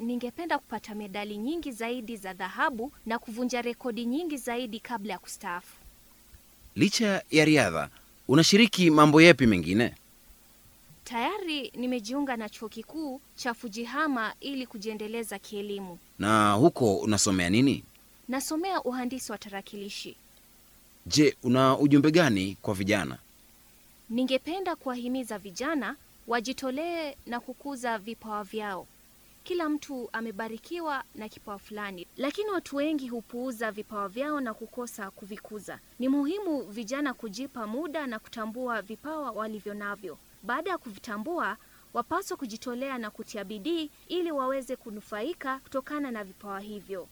ningependa kupata medali nyingi zaidi za dhahabu na kuvunja rekodi nyingi zaidi kabla ya kustaafu. Licha ya riadha, unashiriki mambo yepi mengine? Tayari nimejiunga na chuo kikuu cha Fujihama ili kujiendeleza kielimu. Na huko unasomea nini? Nasomea uhandisi wa tarakilishi. Je, una ujumbe gani kwa vijana? Ningependa kuwahimiza vijana wajitolee na kukuza vipawa vyao. Kila mtu amebarikiwa na kipawa fulani, lakini watu wengi hupuuza vipawa vyao na kukosa kuvikuza. Ni muhimu vijana kujipa muda na kutambua vipawa walivyo navyo. Baada ya kuvitambua, wapaswa kujitolea na kutia bidii ili waweze kunufaika kutokana na vipawa hivyo.